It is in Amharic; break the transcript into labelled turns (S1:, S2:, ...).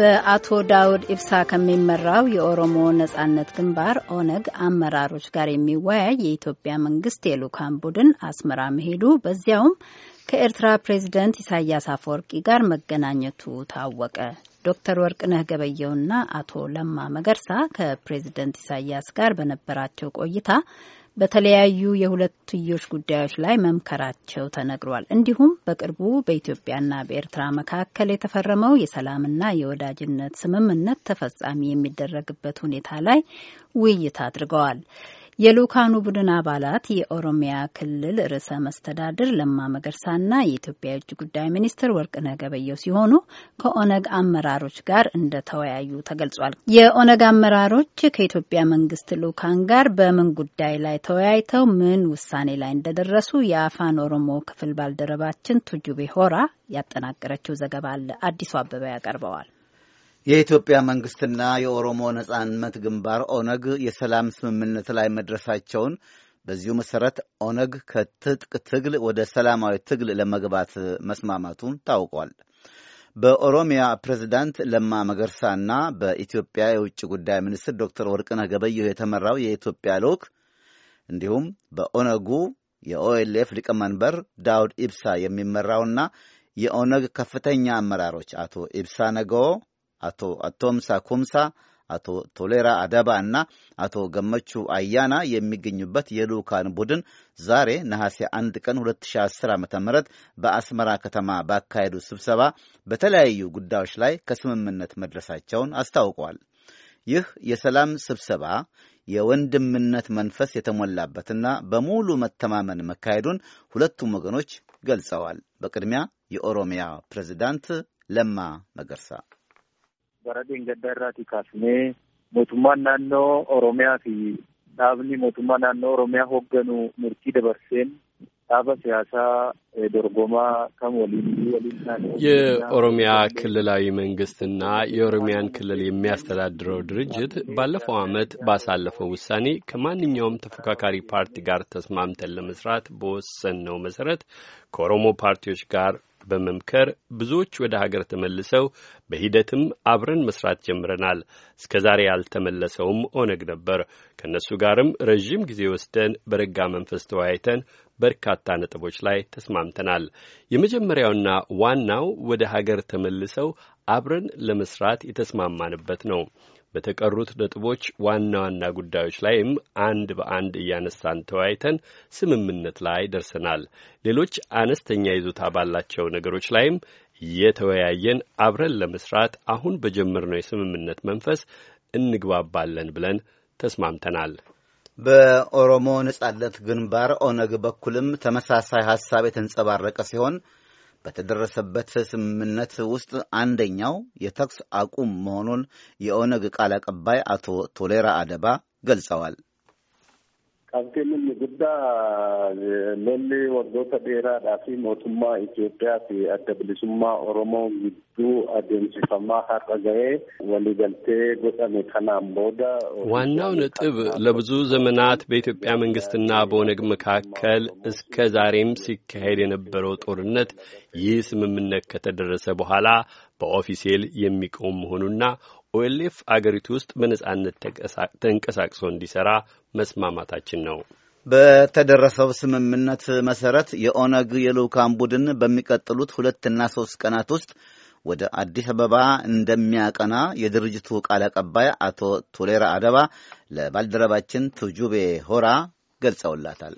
S1: በአቶ ዳውድ ኢብሳ ከሚመራው የኦሮሞ ነጻነት ግንባር ኦነግ አመራሮች ጋር የሚወያይ የኢትዮጵያ መንግስት የልኡካን ቡድን አስመራ መሄዱ በዚያውም ከኤርትራ ፕሬዝደንት ኢሳያስ አፈወርቂ ጋር መገናኘቱ ታወቀ። ዶክተር ወርቅነህ ገበየውና አቶ ለማ መገርሳ ከፕሬዝደንት ኢሳያስ ጋር በነበራቸው ቆይታ በተለያዩ የሁለትዮሽ ጉዳዮች ላይ መምከራቸው ተነግሯል። እንዲሁም በቅርቡ በኢትዮጵያና በኤርትራ መካከል የተፈረመው የሰላምና የወዳጅነት ስምምነት ተፈጻሚ የሚደረግበት ሁኔታ ላይ ውይይት አድርገዋል። የልኡካኑ ቡድን አባላት የኦሮሚያ ክልል ርዕሰ መስተዳድር ለማ መገርሳና የኢትዮጵያ የውጭ ጉዳይ ሚኒስትር ወርቅነህ ገበየሁ ሲሆኑ ከኦነግ አመራሮች ጋር እንደተወያዩ ተገልጿል። የኦነግ አመራሮች ከኢትዮጵያ መንግስት ልኡካን ጋር በምን ጉዳይ ላይ ተወያይተው ምን ውሳኔ ላይ እንደደረሱ የአፋን ኦሮሞ ክፍል ባልደረባችን ቱጁቤ ሆራ ያጠናቀረችው ዘገባ አለ። አዲሱ አበበ ያቀርበዋል።
S2: የኢትዮጵያ መንግስትና የኦሮሞ ነጻነት ግንባር ኦነግ የሰላም ስምምነት ላይ መድረሳቸውን በዚሁ መሰረት ኦነግ ከትጥቅ ትግል ወደ ሰላማዊ ትግል ለመግባት መስማማቱን ታውቋል። በኦሮሚያ ፕሬዝዳንት ለማ መገርሳና በኢትዮጵያ የውጭ ጉዳይ ሚኒስትር ዶክተር ወርቅነህ ገበየሁ የተመራው የኢትዮጵያ ልዑክ እንዲሁም በኦነጉ የኦኤልኤፍ ሊቀመንበር ዳውድ ኢብሳ የሚመራውና የኦነግ ከፍተኛ አመራሮች አቶ ኢብሳ ነገዎ አቶ አቶምሳ ኩምሳ፣ አቶ ቶሌራ አደባ እና አቶ ገመቹ አያና የሚገኙበት የልዑካን ቡድን ዛሬ ነሐሴ 1 ቀን 2010 ዓ ም በአስመራ ከተማ ባካሄዱ ስብሰባ በተለያዩ ጉዳዮች ላይ ከስምምነት መድረሳቸውን አስታውቋል። ይህ የሰላም ስብሰባ የወንድምነት መንፈስ የተሞላበትና በሙሉ መተማመን መካሄዱን ሁለቱም ወገኖች ገልጸዋል። በቅድሚያ የኦሮሚያ ፕሬዚዳንት ለማ መገርሳ
S3: bara dhingada irraati kaasnee mootummaan naannoo Oromiyaa fi dhaabni mootummaa naannoo Oromiyaa hoogganu murtii dabarseen dhaaba siyaasaa dorgomaa kam waliin waliን የኦሮሚያ
S4: ክልላዊ መንግስትና የኦሮሚያን ክልል የሚያስተዳድረው ድርጅት ባለፈው ዓመት ባሳለፈው ውሳኔ ከማንኛውም ተፎካካሪ ፓርቲ ጋር ተስማምተን ለመስራት በወሰንነው መሰረት ከኦሮሞ ፓርቲዎች ጋር በመምከር ብዙዎች ወደ ሀገር ተመልሰው በሂደትም አብረን መስራት ጀምረናል። እስከ ዛሬ ያልተመለሰውም ኦነግ ነበር። ከእነሱ ጋርም ረዥም ጊዜ ወስደን በረጋ መንፈስ ተወያይተን በርካታ ነጥቦች ላይ ተስማምተናል። የመጀመሪያውና ዋናው ወደ ሀገር ተመልሰው አብረን ለመስራት የተስማማንበት ነው። በተቀሩት ነጥቦች ዋና ዋና ጉዳዮች ላይም አንድ በአንድ እያነሳን ተወያይተን ስምምነት ላይ ደርሰናል። ሌሎች አነስተኛ ይዞታ ባላቸው ነገሮች ላይም እየተወያየን አብረን ለመስራት አሁን በጀመርነው የስምምነት መንፈስ እንግባባለን ብለን ተስማምተናል።
S2: በኦሮሞ ነጻነት ግንባር ኦነግ በኩልም ተመሳሳይ ሀሳብ የተንጸባረቀ ሲሆን በተደረሰበት ስምምነት ውስጥ አንደኛው የተኩስ አቁም መሆኑን የኦነግ ቃል አቀባይ አቶ ቶሌራ አደባ ገልጸዋል።
S3: Hanqinni inni guddaa lolli waggoota dheeraadhaa fi mootummaa Itoophiyaa fi adda bilisummaa Oromoo gidduu adeemsifamaa har'a ga'ee waliigaltee godhame kanaan booda
S4: ዋናው ነጥብ ለብዙ ዘመናት በኢትዮጵያ መንግስትና በኦነግ መካከል እስከ ዛሬም ሲካሄድ የነበረው ጦርነት ይህ ስምምነት ከተደረሰ በኋላ በኦፊሴል የሚቆም መሆኑና ኦኤልኤፍ አገሪቱ ውስጥ በነጻነት ተንቀሳቅሶ እንዲሰራ መስማማታችን ነው።
S2: በተደረሰው ስምምነት መሰረት የኦነግ የልዑካን ቡድን በሚቀጥሉት ሁለትና ሶስት ቀናት ውስጥ ወደ አዲስ አበባ እንደሚያቀና የድርጅቱ ቃል አቀባይ አቶ ቱሌራ አደባ ለባልደረባችን ትጁቤ ሆራ ገልጸውላታል።